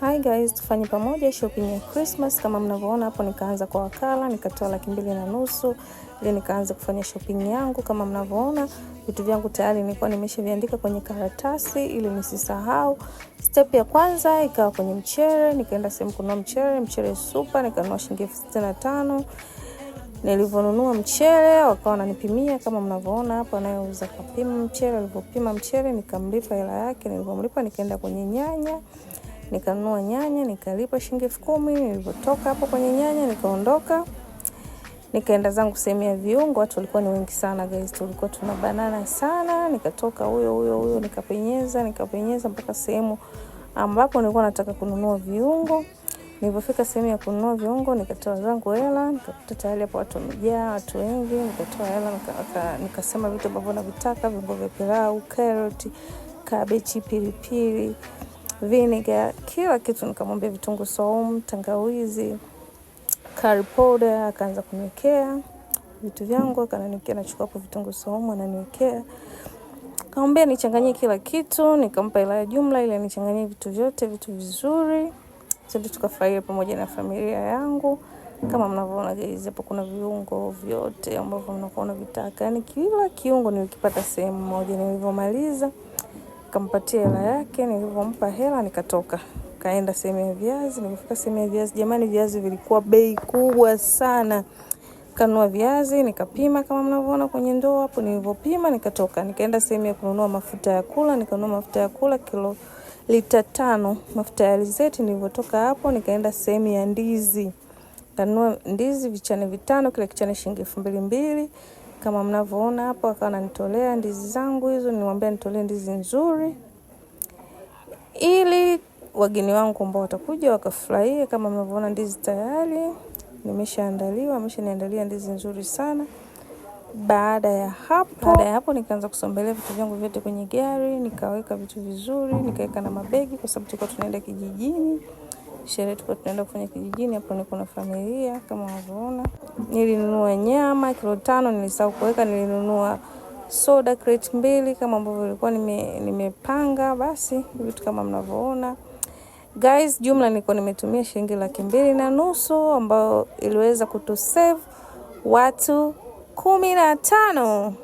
Hi guys, tufanye pamoja shopping ya Christmas. Kama mnavyoona hapo, nikaanza kwa wakala, nikatoa laki mbili na nusu ili nikaanza kufanya shopping yangu. Kama mnavyoona, vitu vyangu tayari nilikuwa nimeshaviandika kwenye karatasi ili nisisahau. Step ya kwanza ikawa kwenye mchere, nikaenda sehemu kuna mchere, mchere super, nikanunua shilingi elfu sitini na tano. Nilivyonunua mchele wakawa wananipimia kama mnavyoona hapo, anayeuza kapima mchele. alivyopima mchele nikamlipa hela yake. Nilivyomlipa nikaenda kwenye nyanya nikanunua nyanya nikalipa shilingi elfu kumi. Nilivyotoka hapo kwenye nyanya nikaondoka nikaenda zangu sehemu ya viungo. Watu walikuwa ni wengi sana guys, tulikuwa tuna banana sana. Nikatoka huyo huyo huyo, nikapenyeza nikapenyeza mpaka sehemu ambapo nilikuwa nataka kununua viungo. Nilipofika sehemu ya kununua viungo, nikatoa zangu hela, nikakuta tayari hapo watu wamejaa, watu wengi. Nikatoa hela nikasema nika vitu ambavyo navitaka, viungo vya pilau, karoti, kabechi, pilipili vinegar, kila kitu nikamwambia, vitunguu saumu, tangawizi, curry powder. Akaanza kuniwekea vitu vyangu, akananiwekea, nachukua hapo vitunguu saumu, ananiwekea kaambia nichanganyie kila kitu, nikampa hela ya jumla ili nichanganyie vitu vyote, vitu vizuri, sote tukafurahia pamoja na familia yangu. Kama mnavyoona guys, hapo kuna viungo vyote ambavyo mnakuwa unavitaka, yani kila kiungo nilikipata sehemu moja. Nilivyomaliza nikampatia hela yake. Nilivyompa hela nikatoka, kaenda sehemu ya viazi. Nilifika sehemu ya viazi, jamani, viazi vilikuwa bei kubwa sana. Kanua viazi nikapima kama mnavyoona kwenye ndoo hapo. Nilivyopima nikatoka, nikaenda sehemu ya kununua mafuta ya kula, nikanunua mafuta ya kula kilo lita tano mafuta ya alizeti. Nilivyotoka hapo nikaenda sehemu ya ndizi, kanua ndizi vichane vitano, kila kichane shilingi elfu mbili mbili kama mnavyoona hapo, akawa ananitolea ndizi zangu hizo, nilimwambia nitolee ndizi nzuri ili wageni wangu ambao watakuja wakafurahie. Kama mnavyoona ndizi tayari nimeshaandaliwa, ameshaniandalia ndizi nzuri sana. Baada ya hapo, baada ya hapo nikaanza kusombelea vitu vyangu vyote kwenye gari, nikaweka vitu vizuri, nikaweka na mabegi, kwa sababu tulikuwa tunaenda kijijini sherehe tulikuwa tunaenda kufanya kijijini, hapo niko na familia kama unavyoona. Nilinunua nyama kilo tano, nilisahau kuweka. Nilinunua soda crate mbili kama ambavyo nilikuwa nime, nimepanga. Basi vitu kama mnavyoona guys, jumla nilikuwa nimetumia shilingi laki mbili na nusu ambayo iliweza kutusave watu kumi na tano.